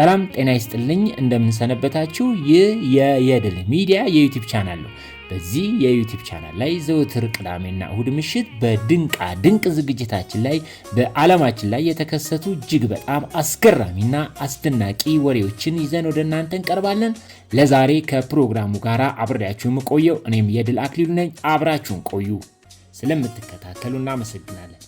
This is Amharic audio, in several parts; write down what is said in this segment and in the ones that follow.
ሰላም ጤና ይስጥልኝ፣ እንደምንሰነበታችሁ። ይህ የየድል ሚዲያ የዩቲዩብ ቻናል ነው። በዚህ የዩቲዩብ ቻናል ላይ ዘወትር ቅዳሜና እሁድ ምሽት በድንቃ ድንቅ ዝግጅታችን ላይ በዓለማችን ላይ የተከሰቱ እጅግ በጣም አስገራሚና አስደናቂ ወሬዎችን ይዘን ወደ እናንተ እንቀርባለን። ለዛሬ ከፕሮግራሙ ጋር አብሬያችሁ የምቆየው እኔም የድል አክሊሉ ነኝ። አብራችሁን ቆዩ። ስለምትከታተሉ እናመሰግናለን።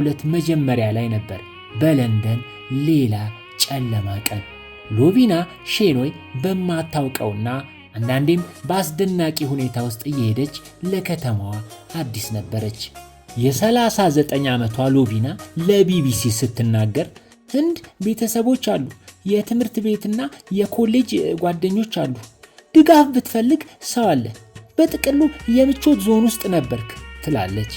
ዕለት መጀመሪያ ላይ ነበር በለንደን ሌላ ጨለማ ቀን። ሎቪና ሼኖይ በማታውቀውና አንዳንዴም በአስደናቂ ሁኔታ ውስጥ እየሄደች ለከተማዋ አዲስ ነበረች። የ39 ዓመቷ ሎቪና ለቢቢሲ ስትናገር ህንድ ቤተሰቦች አሉ፣ የትምህርት ቤትና የኮሌጅ ጓደኞች አሉ፣ ድጋፍ ብትፈልግ ሰው አለ፣ በጥቅሉ የምቾት ዞን ውስጥ ነበርክ ትላለች።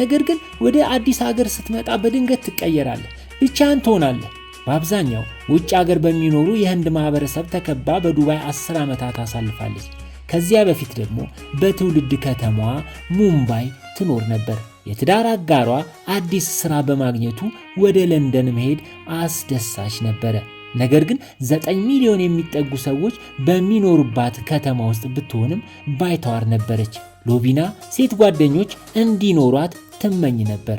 ነገር ግን ወደ አዲስ ሀገር ስትመጣ በድንገት ትቀየራለህ፣ ብቻህን ትሆናለህ። በአብዛኛው ውጭ ሀገር በሚኖሩ የህንድ ማህበረሰብ ተከባ በዱባይ አስር ዓመታት አሳልፋለች። ከዚያ በፊት ደግሞ በትውልድ ከተማዋ ሙምባይ ትኖር ነበር። የትዳር አጋሯ አዲስ ሥራ በማግኘቱ ወደ ለንደን መሄድ አስደሳች ነበረ። ነገር ግን ዘጠኝ ሚሊዮን የሚጠጉ ሰዎች በሚኖሩባት ከተማ ውስጥ ብትሆንም ባይተዋር ነበረች። ሎቢና ሴት ጓደኞች እንዲኖሯት ትመኝ ነበር።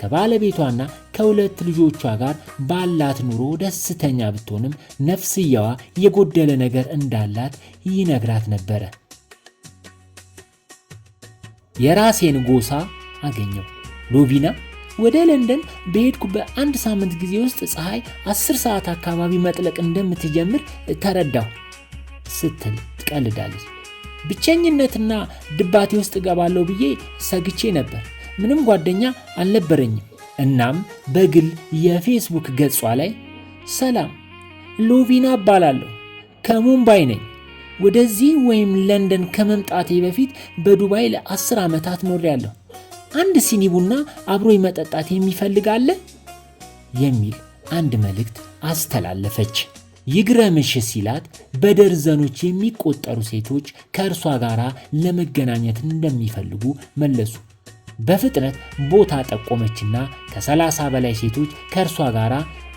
ከባለቤቷና ከሁለት ልጆቿ ጋር ባላት ኑሮ ደስተኛ ብትሆንም ነፍስያዋ የጎደለ ነገር እንዳላት ይነግራት ነበረ። የራሴን ጎሳ አገኘው። ሎቢና ወደ ለንደን በሄድኩ በአንድ ሳምንት ጊዜ ውስጥ ፀሐይ አስር ሰዓት አካባቢ መጥለቅ እንደምትጀምር ተረዳሁ ስትል ትቀልዳለች። ብቸኝነትና ድባቴ ውስጥ እገባለሁ ብዬ ሰግቼ ነበር። ምንም ጓደኛ አልነበረኝም። እናም በግል የፌስቡክ ገጿ ላይ ሰላም ሎቪና እባላለሁ፣ ከሙምባይ ነኝ። ወደዚህ ወይም ለንደን ከመምጣቴ በፊት በዱባይ ለአስር ዓመታት ኖሬያለሁ። አንድ ሲኒ ቡና አብሮ መጠጣት የሚፈልግ አለ የሚል አንድ መልእክት አስተላለፈች። ይግረምሽ ሲላት በደርዘኖች የሚቆጠሩ ሴቶች ከእርሷ ጋር ለመገናኘት እንደሚፈልጉ መለሱ። በፍጥነት ቦታ ጠቆመችና ከሰላሳ በላይ ሴቶች ከእርሷ ጋር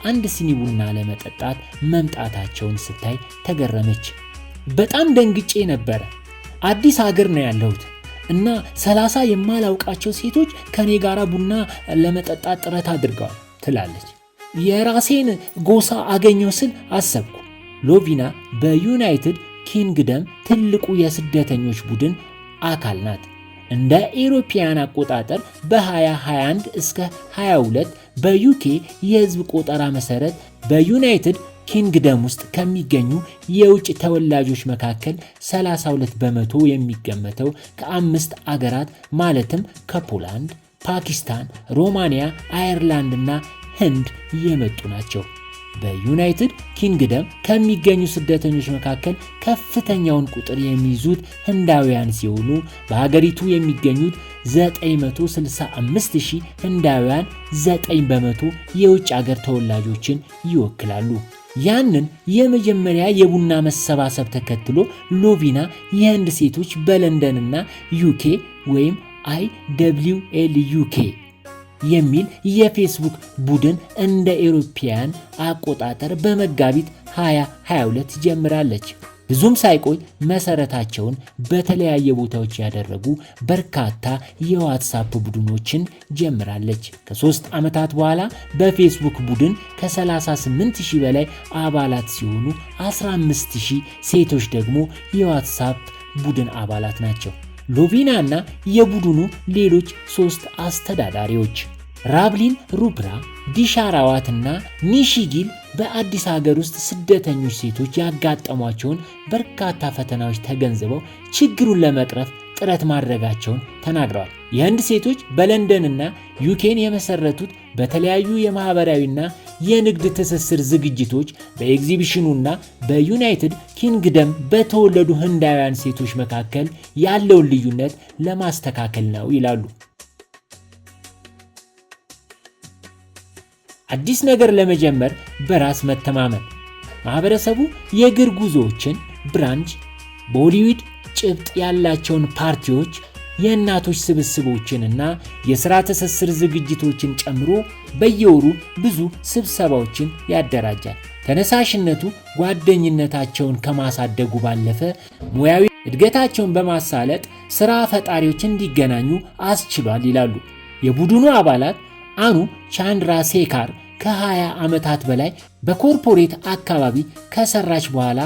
አንድ ሲኒ ቡና ለመጠጣት መምጣታቸውን ስታይ ተገረመች። በጣም ደንግጬ ነበረ። አዲስ አገር ነው ያለሁት እና ሰላሳ የማላውቃቸው ሴቶች ከኔ ጋር ቡና ለመጠጣት ጥረት አድርገዋል ትላለች። የራሴን ጎሳ አገኘው ስል አሰብኩ። ሎቪና በዩናይትድ ኪንግደም ትልቁ የስደተኞች ቡድን አካል ናት። እንደ ኤሮፒያን አቆጣጠር በ2021 እስከ 22 በዩኬ የህዝብ ቆጠራ መሠረት በዩናይትድ ኪንግደም ውስጥ ከሚገኙ የውጭ ተወላጆች መካከል 32 በመቶ የሚገመተው ከአምስት አገራት ማለትም ከፖላንድ፣ ፓኪስታን፣ ሮማንያ፣ አየርላንድ እና ህንድ የመጡ ናቸው። በዩናይትድ ኪንግደም ከሚገኙ ስደተኞች መካከል ከፍተኛውን ቁጥር የሚይዙት ህንዳውያን ሲሆኑ በሀገሪቱ የሚገኙት 965000 ህንዳውያን 9 በመቶ የውጭ አገር ተወላጆችን ይወክላሉ። ያንን የመጀመሪያ የቡና መሰባሰብ ተከትሎ ሎቪና የህንድ ሴቶች በለንደንና ዩኬ ወይም አይ ደብሊው ኤል ዩኬ የሚል የፌስቡክ ቡድን እንደ ኤሮፒያን አቆጣጠር በመጋቢት 2022 ጀምራለች። ብዙም ሳይቆይ መሰረታቸውን በተለያየ ቦታዎች ያደረጉ በርካታ የዋትሳፕ ቡድኖችን ጀምራለች። ከሶስት ዓመታት በኋላ በፌስቡክ ቡድን ከ38 ሺህ በላይ አባላት ሲሆኑ 15 ሺህ ሴቶች ደግሞ የዋትሳፕ ቡድን አባላት ናቸው። ሎቪና እና የቡድኑ ሌሎች ሶስት አስተዳዳሪዎች ራብሊን ሩፕራ፣ ዲሻራዋትና ኒሺጊል በአዲስ ሀገር ውስጥ ስደተኞች ሴቶች ያጋጠሟቸውን በርካታ ፈተናዎች ተገንዝበው ችግሩን ለመቅረፍ ጥረት ማድረጋቸውን ተናግረዋል። የህንድ ሴቶች በለንደንና ዩኬን የመሰረቱት በተለያዩ የማኅበራዊና የንግድ ትስስር ዝግጅቶች በኤግዚቢሽኑና በዩናይትድ ኪንግደም በተወለዱ ህንዳውያን ሴቶች መካከል ያለውን ልዩነት ለማስተካከል ነው ይላሉ። አዲስ ነገር ለመጀመር በራስ መተማመን ማህበረሰቡ የእግር ጉዞዎችን፣ ብራንች፣ ቦሊዊድ ጭብጥ ያላቸውን ፓርቲዎች የእናቶች ስብስቦችንና የሥራ ትስስር ዝግጅቶችን ጨምሮ በየወሩ ብዙ ስብሰባዎችን ያደራጃል። ተነሳሽነቱ ጓደኝነታቸውን ከማሳደጉ ባለፈ ሙያዊ እድገታቸውን በማሳለጥ ሥራ ፈጣሪዎች እንዲገናኙ አስችሏል ይላሉ የቡድኑ አባላት አኑ ቻንድራ ሴካር ከ20 ዓመታት በላይ በኮርፖሬት አካባቢ ከሰራች በኋላ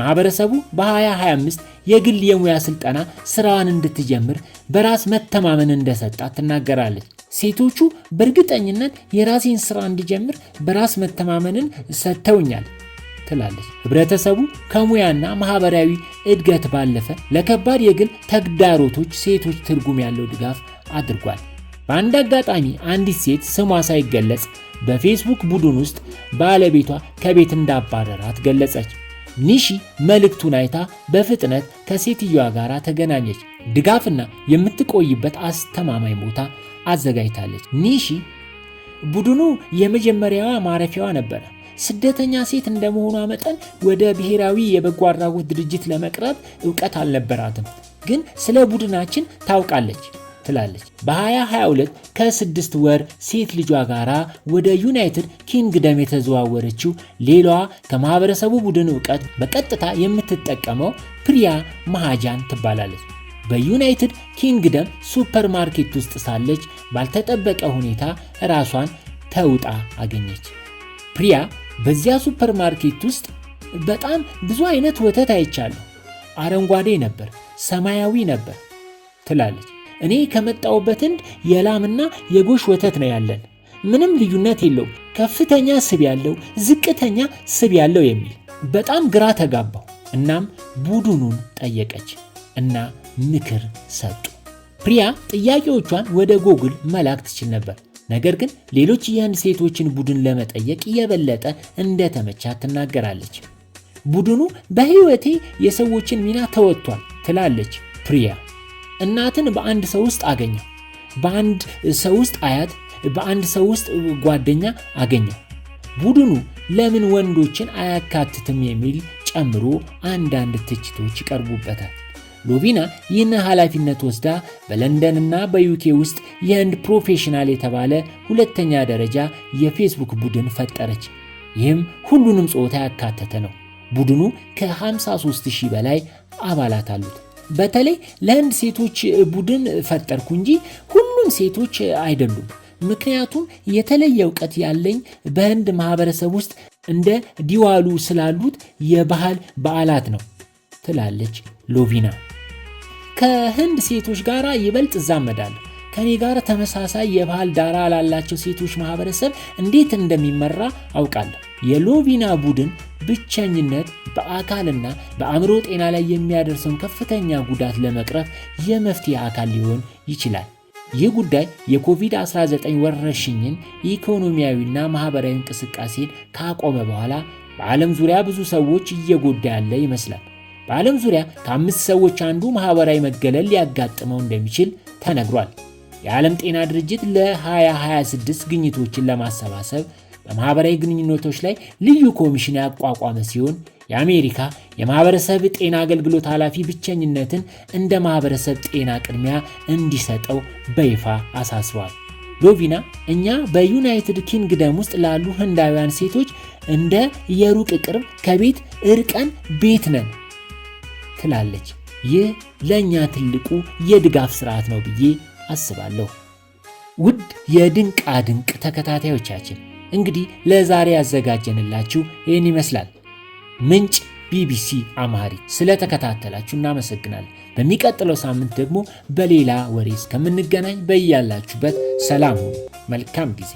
ማህበረሰቡ በ2025 የግል የሙያ ስልጠና ስራዋን እንድትጀምር በራስ መተማመን እንደሰጣት ትናገራለች። ሴቶቹ በእርግጠኝነት የራሴን ስራ እንድጀምር በራስ መተማመንን ሰጥተውኛል ትላለች። ህብረተሰቡ ከሙያና ማህበራዊ እድገት ባለፈ ለከባድ የግል ተግዳሮቶች ሴቶች ትርጉም ያለው ድጋፍ አድርጓል። በአንድ አጋጣሚ አንዲት ሴት ስሟ ሳይገለጽ በፌስቡክ ቡድን ውስጥ ባለቤቷ ከቤት እንዳባረራት ገለጸች። ኒሺ መልእክቱን አይታ በፍጥነት ከሴትዮዋ ጋር ተገናኘች። ድጋፍና የምትቆይበት አስተማማኝ ቦታ አዘጋጅታለች። ኒሺ ቡድኑ የመጀመሪያዋ ማረፊያዋ ነበረ። ስደተኛ ሴት እንደመሆኗ መጠን ወደ ብሔራዊ የበጎ አድራጎት ድርጅት ለመቅረብ እውቀት አልነበራትም፣ ግን ስለ ቡድናችን ታውቃለች። ትላለች። በ2022 ከስድስት ወር ሴት ልጇ ጋራ ወደ ዩናይትድ ኪንግደም የተዘዋወረችው ሌላዋ ከማህበረሰቡ ቡድን እውቀት በቀጥታ የምትጠቀመው ፕሪያ መሃጃን ትባላለች። በዩናይትድ ኪንግደም ሱፐር ማርኬት ውስጥ ሳለች ባልተጠበቀ ሁኔታ ራሷን ተውጣ አገኘች። ፕሪያ በዚያ ሱፐር ማርኬት ውስጥ በጣም ብዙ አይነት ወተት አይቻለሁ። አረንጓዴ ነበር፣ ሰማያዊ ነበር ትላለች። እኔ ከመጣውበት ህንድ የላምና የጎሽ ወተት ነው ያለን። ምንም ልዩነት የለውም። ከፍተኛ ስብ ያለው፣ ዝቅተኛ ስብ ያለው የሚል በጣም ግራ ተጋባው። እናም ቡድኑን ጠየቀች እና ምክር ሰጡ። ፕሪያ ጥያቄዎቿን ወደ ጎግል መላክ ትችል ነበር፣ ነገር ግን ሌሎች የህንድ ሴቶችን ቡድን ለመጠየቅ የበለጠ እንደተመቻት ትናገራለች። ቡድኑ በህይወቴ የሰዎችን ሚና ተወጥቷል ትላለች ፕሪያ እናትን በአንድ ሰው ውስጥ አገኘው። በአንድ ሰው ውስጥ አያት፣ በአንድ ሰው ውስጥ ጓደኛ አገኘው። ቡድኑ ለምን ወንዶችን አያካትትም የሚል ጨምሮ አንዳንድ ትችቶች ይቀርቡበታል። ሎቪና ይህን ኃላፊነት ወስዳ በለንደንና በዩኬ ውስጥ የህንድ ፕሮፌሽናል የተባለ ሁለተኛ ደረጃ የፌስቡክ ቡድን ፈጠረች። ይህም ሁሉንም ጾታ ያካተተ ነው። ቡድኑ ከ 53000 በላይ አባላት አሉት። በተለይ ለህንድ ሴቶች ቡድን ፈጠርኩ እንጂ ሁሉም ሴቶች አይደሉም። ምክንያቱም የተለየ እውቀት ያለኝ በህንድ ማህበረሰብ ውስጥ እንደ ዲዋሉ ስላሉት የባህል በዓላት ነው ትላለች ሎቪና። ከህንድ ሴቶች ጋር ይበልጥ እዛመዳለሁ። ከኔ ጋር ተመሳሳይ የባህል ዳራ ላላቸው ሴቶች ማህበረሰብ እንዴት እንደሚመራ አውቃለሁ። የሎቪና ቡድን ብቸኝነት በአካልና በአእምሮ ጤና ላይ የሚያደርሰውን ከፍተኛ ጉዳት ለመቅረፍ የመፍትሄ አካል ሊሆን ይችላል። ይህ ጉዳይ የኮቪድ-19 ወረርሽኝን ኢኮኖሚያዊና ማህበራዊ እንቅስቃሴን ካቆመ በኋላ በዓለም ዙሪያ ብዙ ሰዎች እየጎዳ ያለ ይመስላል። በዓለም ዙሪያ ከአምስት ሰዎች አንዱ ማህበራዊ መገለል ሊያጋጥመው እንደሚችል ተነግሯል። የዓለም ጤና ድርጅት ለ2026 ግኝቶችን ለማሰባሰብ በማኅበራዊ ግንኙነቶች ላይ ልዩ ኮሚሽን ያቋቋመ ሲሆን የአሜሪካ የማኅበረሰብ ጤና አገልግሎት ኃላፊ ብቸኝነትን እንደ ማኅበረሰብ ጤና ቅድሚያ እንዲሰጠው በይፋ አሳስቧል። ሎቪና እኛ በዩናይትድ ኪንግደም ውስጥ ላሉ ህንዳውያን ሴቶች እንደ የሩቅ ቅርብ ከቤት እርቀን ቤት ነን ትላለች። ይህ ለእኛ ትልቁ የድጋፍ ስርዓት ነው ብዬ አስባለሁ። ውድ የድንቃ ድንቅ ተከታታዮቻችን እንግዲህ ለዛሬ ያዘጋጀንላችሁ ይህን ይመስላል። ምንጭ ቢቢሲ አማሪ። ስለተከታተላችሁ እናመሰግናለን። በሚቀጥለው ሳምንት ደግሞ በሌላ ወሬ እስከምንገናኝ በያላችሁበት ሰላም ሁኑ። መልካም ጊዜ